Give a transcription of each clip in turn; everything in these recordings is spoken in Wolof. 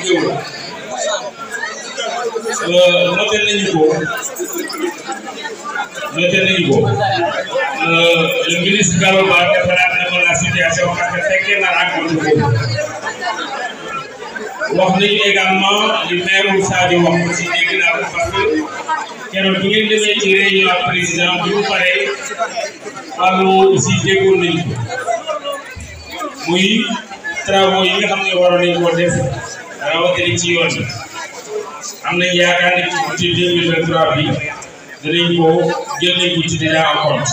jëw euh, la noté nañu ko noté nañu ko euh, le ministre Gallo Ba defaraat na la situation parce que fekkee na rencontre wax nañu également li maire Sadio wax aussi dégg naa ko parce que keroog bi ngeen demee ci président bi mu paree wàllu aussi déggoon nañu ko muy travaux yi ne waroon nañu ko def rawatina ci yoon bi am nañ yaakaar ne ci budget deux mille vingt trois bi ko jël nañ ko ci déjà en compte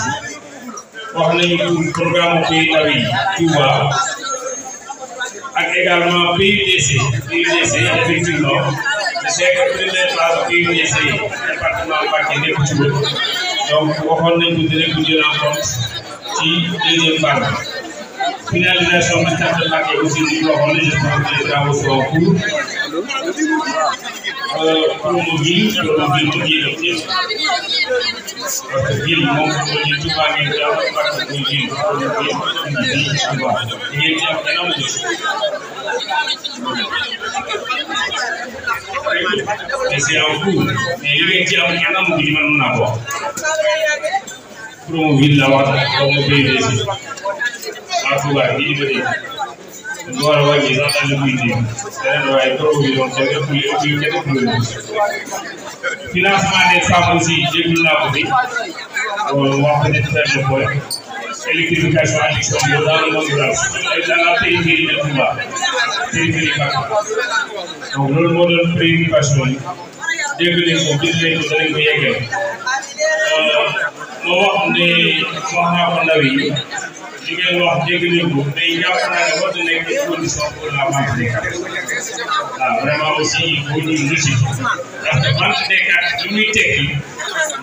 wax nañu pour programme pays yi Touba ak également PUDC PUDC effectivement je sais que première phase PUDC ci donc waxoon nañ finalisation bi Thiatou Mbacké aussi ñu waxoon ne je pense que les travaux sont en cours promo bi promo bi mu jéem a jéem parce que jéem moom su ko jéem Touba ngeen jàpp parce que muy jéem promo bi mu jéem Touba ngeen jàpp dana mu jéem. mais c'est en cours mais li ngeen jàpp ñaata mu jéem a mun a ko promo bi la wax promo bi ak Touba bii di bëri lu war a wàññi sax daal di ko indi beneen waaye trop bi doon kenn ëpp yu ëpp yu kenn ëpp yu financement des femmes aussi déglu naa ko fi wax ko ci benn point électrification ak extension dans le monde rural ay dans la périphérie de Touba périphérie Mbacké donc loolu moo doon préoccupation yi dégg nañ ko gis nañ ko danañ ko yeggee ma wax ne wax naa ko ndaw yi li ngeen wax dégg nañ ko mais jàpp naa ne war nekk condition pour la vente des ah,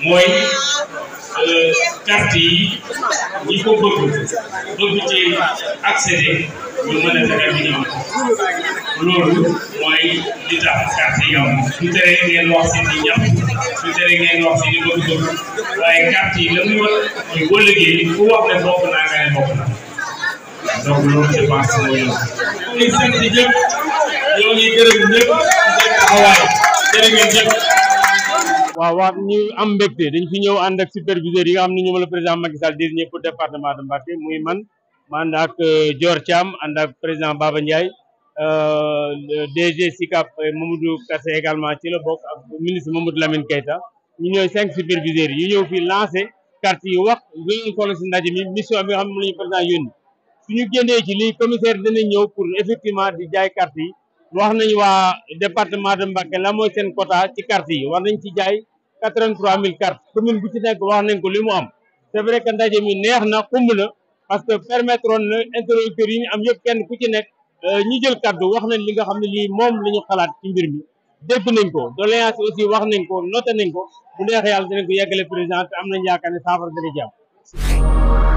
mooy carte euh, yi ñi ko bëgg bëgg ci accéder ñu mën a fexe bi ñu am loolu mooy li tax carte yi am du tere ngeen wax seen i ñax du tere waaye carte ñu waaw waaw ñu am mbégte dañ fi ñëw ànd ak superviseurs yi nga xam ne ñoom la président Macky Sall désigné pour département de Mbacké muy man ma ànd ak euh, Dior Thiam ànd ak président Baba Ndiaye euh, DG SICAP euh, Mamadou Kassé également ci la bokk ak ministre Mamadou Lamine Keita. ñu ñooy cinq superviseurs yi ñu ñëw fii lancé carte yi wax lu ñu solo si ndaje mi mission bi nga xam ne la ñu suñu génnee ci lii commissaire dana ñëw pour effectivement di jaay carte yi wax nañ waa département de Mbacké la mooy seen quota ci carte yi war nañ ci jaay quatre-vingt-trois mille cartes commune bu ci nekk wax nañ ko li mu am c'est vrai que ndaje mi neex na xumb na parce que permettre woon yi ñu am yëpp kenn ku ci nekk euh, ñu jël kàddu wax nañ li nga xam ne lii moom la ñu ci mbir mi dégg nañ ko doléance aussi wax nañ ko noté nañ ko bu neexee yàlla dinañ ko yeggale président te am nañ yaakaar ne saafara dana jàmm